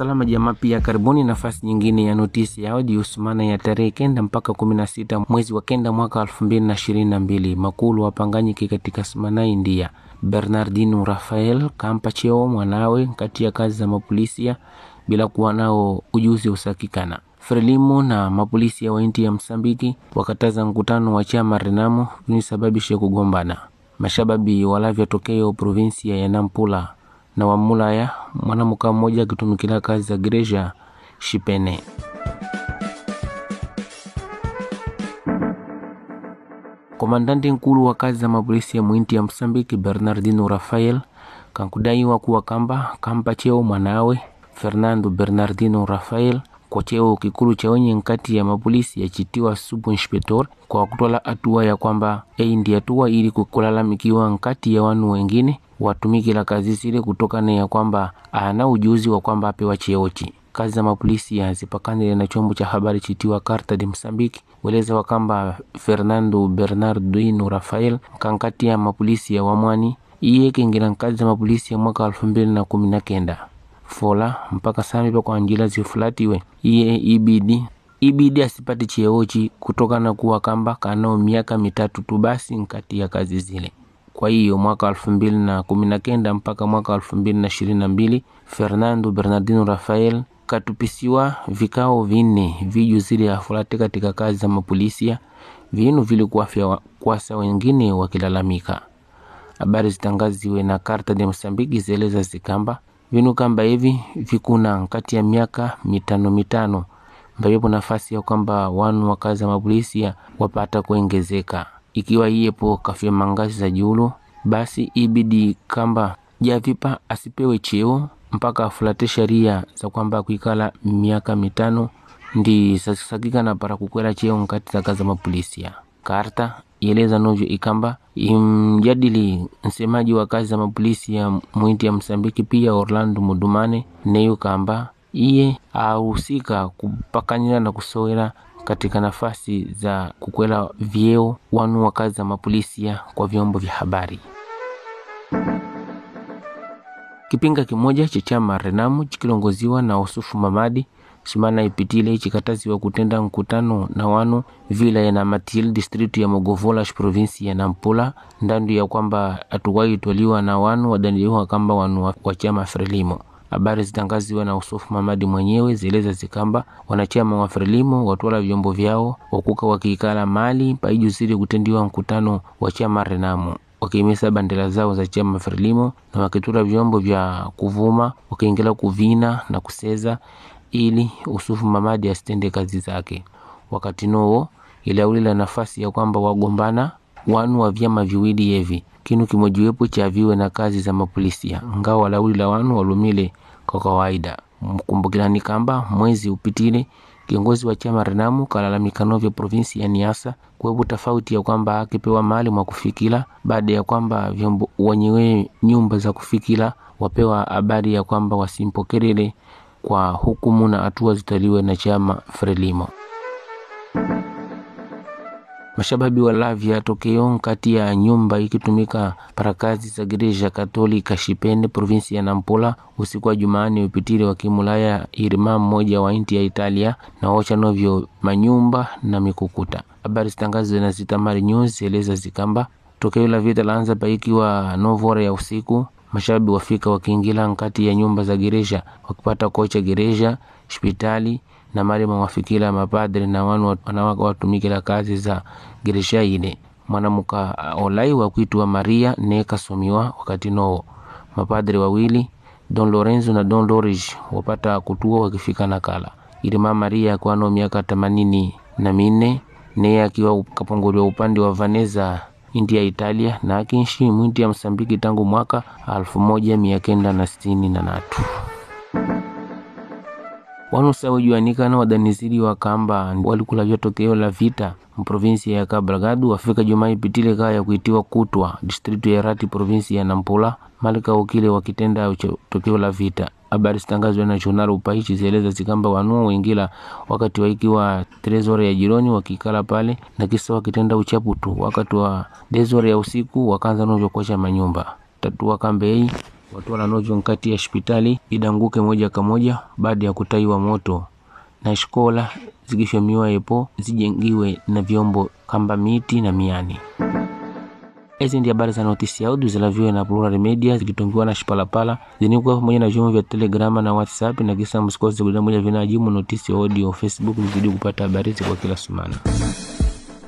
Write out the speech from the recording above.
Salama jamaa, pia karibuni nafasi nyingine ya notisi ya audio usumana ya tarehe kenda mpaka kumi na sita mwezi wa kenda mwaka elfu mbili na ishirini na mbili makulu wapanganyike katika sumana India. Bernardino Rafael kampa cheo mwanawe kati ya kazi za mapolisia bila kuwa nao ujuzi usakikana. Frelimo na mapolisia ya wainti ya Msambiki wakataza mkutano wa chama Renamo unisababishe kugombana. Mashababi walavya tokeo provinsia ya Nampula na Wamulaya, mwanamuka mmoja akitumikila kazi za gereza Shipene. komandante nkulu wa kazi za mapolisi ya mwinti ya Msambiki Bernardino Rafael kankudaiwa kuwa kamba kamba cheo mwanawe Fernando Bernardino Rafael kwa cheo kikulu cha wenye nkati ya mapolisi yachitiwa subinspektor kwa kutola hatua ya kwamba ei ndi hatua ili kukulalamikiwa nkati ya wanu wengine watumike la kazi zile kutokana ya kwamba ana ujuzi wa kwamba apewa cheochi kazi za mapolisi hazipakanile na chombo cha habari chitiwa Carta de Msambiki weleza wakamba Fernando Bernardino Rafael mkankati ya mapolisi ya wamwani iye kengela nkazi za mapolisi ya mwaka elfu mbili na kumi na kenda fola mpaka pa kwa njila zifulatiwe iye ibidi e ibidi e asipate cheochi kutokana kuwa kamba kanao miaka mitatu tu basi nkati ya kazi zile kwa hiyo mwaka kenda mpaka mwaka mbili Fernando Bernardino Rafael katupisiwa vikao vinne viju zile fulati katika kazi za mapolisia, vinu vilikuwa vya kwasa wengine wakilalamika. Habari zitangaziwe na Karta de Msambiki zieleza zikamba vinu kamba hivi vikuna kati ya miaka mitano mitano, mbayepo nafasi ya kwamba wanu wa kazi za mapolisia wapata kuongezeka ikiwa iyepo kafyema ngazi za julu, basi ibidi kamba javipa asipewe cheo mpaka afulate sheria za kwamba kuikala miaka mitano ndi sasakika na para kukwela cheo nkati za kazi mapolisia. Karta yeleza novyo ikamba imjadili msemaji wa kazi za mapolisi ya mwinti ya Msambiki pia Orlando Mudumane neyo kamba iye ahusika kupakanyira na kusowela katika nafasi za kukwela vyeo wanua kazi za mapolisia kwa vyombo vya habari. Kipinga kimoja cha chama Renamu chikilongoziwa na Usufu Mamadi simana ipitile chikataziwa kutenda mkutano na wanu vila ya Namatil district ya Mogovolash provinsi ya Nampula ndandu ya kwamba atuwaitwaliwa na wanu wadaniliwa kamba wanu wa chama Frelimo Habari zitangaziwa na Usufu Mamadi mwenyewe zieleza zikamba wanachama wa Frelimo watwala vyombo vyao wakuka wakiikala mali paijuziri kutendiwa mkutano wa chama Renamo wakimisa bandera zao za chama Frelimo na wakitura vyombo vya kuvuma wakiingela kuvina na kuseza ili Usufu Mamadi asitende kazi zake. Wakati nowo ilaulila nafasi ya kwamba wagombana wanu wa vyama viwili yevi kinu kimojiwepo cha viwe na kazi za mapolisia ngawa walauli la wanu walumile kwa kawaida ni kamba mwezi upitile kiongozi wa chama Renamu kalalamikano vya provinsi ya Niasa kuwepo tofauti ya kwamba akipewa mali mwa kufikila baada ya kwamba vyombo wenyewe nyumba za kufikila wapewa habari ya kwamba wasimpokelele kwa hukumu na hatua zitaliwe na chama Frelimo. Mashababi walavya tokeo nkati ya nyumba ikitumika parakazi za gereja Katolika Shipende provinsi ya Nampula usiku wa Jumaani wa wakimulaya irima mmoja wa inti ya Italia na ocha novyo manyumba na mikukuta. Habari zitangazwe na Zitamari News eleza zikamba tokeo la vita laanza paikiwa novora ya usiku mashababi wafika wakiingila nkati ya nyumba za gereja wakipata kocha gereja hospitali na mali mwawafikila mapadri na wanu wanawaka watumikila kazi za gereshia ile mwanamuka uh, olai wa kuitwa maria ne kasomiwa wakati nowo mapadri wawili don lorenzo na don lorige wapata kutua wakifika na kala ili mama maria kwa no miaka themanini na minne neye akiwa kapongolewa upande wa Vanessa inti ya italia na akinshi mwinti ya msambiki tangu mwaka 1963 wanusa wanosawejuanikana wadaniziri wa kamba walikulavya tokeo la vita mprovinsi ya kabragadu wafika juma ipitile kaa ya kuitiwa kutwa distritu ya rati provinsi ya nampula malika ukile wakitenda tokeo la vita habari zitangazwa na chonaro upaichi zieleza zikamba wanua wengila wakati waikiwa trezore ya jironi wakikala pale na kisa wakitenda uchaputu wakati wa dezore ya usiku wakanza novyokwasha manyumba tatuwa hii watu wananojwa nkati ya hospitali idanguke moja kwa moja baada ya kutaiwa moto na shikola zikishamiwa epo zijengiwe na vyombo kamba miti na miani ezi ndi habari za notisi audio zilaviwe na Plural Media zikitungiwa na Shipalapala zinikwa pamoja na vyombo vya Telegram na WhatsApp na kisa msikose kuda moja vinajimu notisi audio Facebook mzidi kupata habari kwa kila sumana